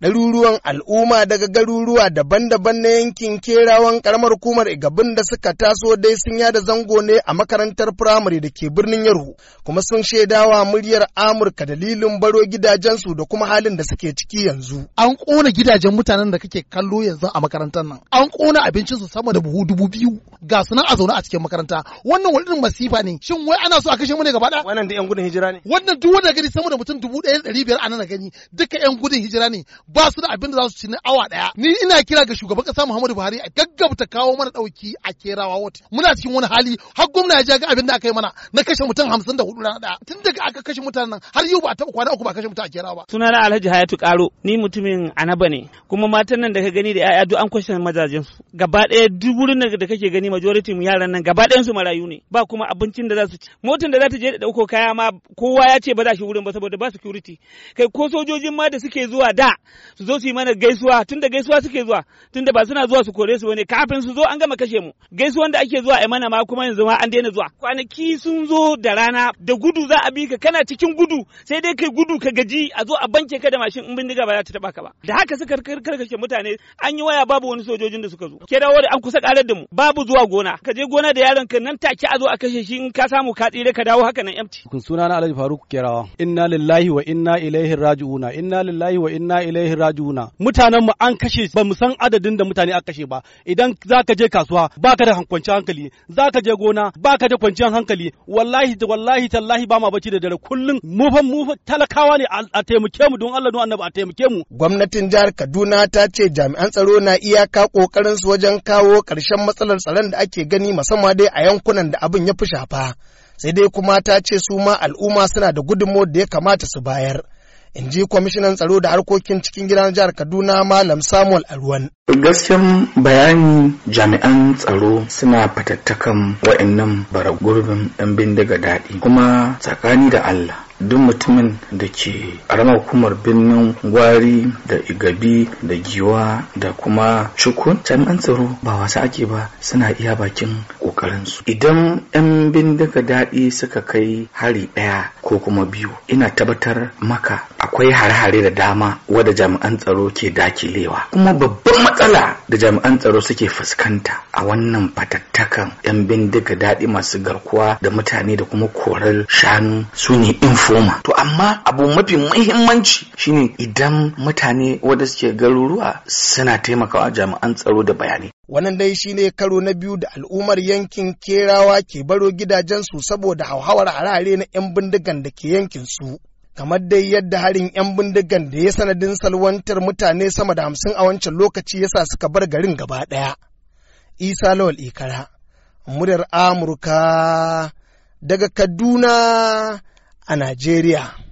ɗaruruwan al'umma daga garuruwa daban-daban na yankin kerawan karamar hukumar igabin da suka taso dai sun yada zango ne a makarantar firamare da ke birnin yarhu kuma sun shaidawa muryar amurka dalilin baro gidajensu da kuma halin da suke ciki yanzu an ƙona gidajen mutanen da kake kallo yanzu a makarantar nan an ƙona abincinsu sama da buhu dubu biyu ga su nan a zaune a cikin makaranta wannan wani irin masifa ne shin wai ana so a kashe mu ne gaba ɗaya wannan da yan gudun hijira ne wannan duk wanda gani sama da mutum dubu ɗaya da ɗari biyar a nan gani duka yan gudun hijira ne ba su da abin da za su ci na awa daya ni ina kira ga shugaban kasa Muhammadu Buhari a gaggabta kawo mana dauki a kerawa wata muna cikin wani hali har gwamna ya ja ga abin da aka yi mana na kashe mutum hamsin da hudu rana daya tun daga aka kashe mutanen nan har yau ba a taɓa kwana uku ba kashe mutum a kerawa ba na Alhaji Hayatu Karo ni mutumin Anaba ne kuma matan nan da ka gani da 'ya'ya duk an kwashe mazajen su gaba ɗaya duk wurin da kake gani majority mu yaran nan gaba ɗayan su marayu ne ba kuma abincin da za su ci Motan da za ta je da ɗauko kaya ma kowa ya ce ba za shi wurin ba saboda ba security kai ko sojojin ma da suke zuwa da su zo su yi mana gaisuwa tunda gaisuwa suke zuwa tunda ba suna zuwa su kore su bane kafin su zo an gama kashe mu gaisuwan da ake zuwa a mana ma kuma yanzu ma an daina zuwa kwanaki sun zo da rana da gudu za a bi ka kana cikin gudu sai dai kai gudu ka gaji a zo a banke ka da mashin in bindiga ba za ta taba ka ba da haka suka karkashe mutane an yi waya babu wani sojojin da suka zo ke dawo da an kusa karar da mu babu zuwa gona ka je gona da yaron ka nan take a zo a kashe shi in ka samu ka tsire ka dawo haka nan empty kun suna na Alhaji Faruk Kerawa inna lillahi wa inna ilaihi raji'una inna lillahi wa inna ilaihi ilaihi rajiuna mutanen mu an kashe ba mu san adadin da mutane aka kashe ba idan zaka je kasuwa baka da kwanciyar hankali zaka je gona baka da kwanciyar hankali wallahi da wallahi tallahi ba ma bacci da dare kullum mu fa mu talakawa ne a taimake mu don Allah don Annabi a taimake mu gwamnatin jihar Kaduna ta ce jami'an tsaro na iyaka kokarin su wajen kawo karshen matsalar tsaron da ake gani musamman dai a yankunan da abin ya fi shafa sai dai kuma ta ce su ma al'umma suna da gudunmawar da ya kamata su bayar in ji kwamishinan tsaro da harkokin cikin gidan jihar kaduna malam samuel alwan gaskiyan bayani jami'an tsaro suna fatattakan wa'annan bara gurbin ɗan bindiga daɗi kuma tsakani da allah duk mutumin da ke karamar hukumar birnin gwari da igabi da giwa da kuma cukun jami'an tsaro ba wasa ake ba suna iya bakin ƙoƙarinsu. idan 'yan bindiga daɗi suka kai hari ɗaya ko kuma biyu ina tabbatar maka akwai hare-hare da dama wadda jami'an tsaro ke dakilewa kuma babban matsala da jami'an tsaro suke fuskanta a wannan fatattakan 'yan bindiga daɗi masu garkuwa da mutane da kuma korar shanu su ne koma to amma abu mafi muhimmanci shine idan mutane wanda suke garuruwa suna taimakawa jami'an tsaro da bayani? wannan dai shine karo na biyu da al'ummar yankin kerawa ke baro gidajensu saboda hauhawar harare na 'yan bindigan da ke yankin su kamar dai yadda harin 'yan bindigan da ya sanadin salwantar mutane sama da hamsin a wancan lokaci yasa suka bar garin gaba ɗaya. isa lawal ikara muryar amurka daga kaduna a Najeriya.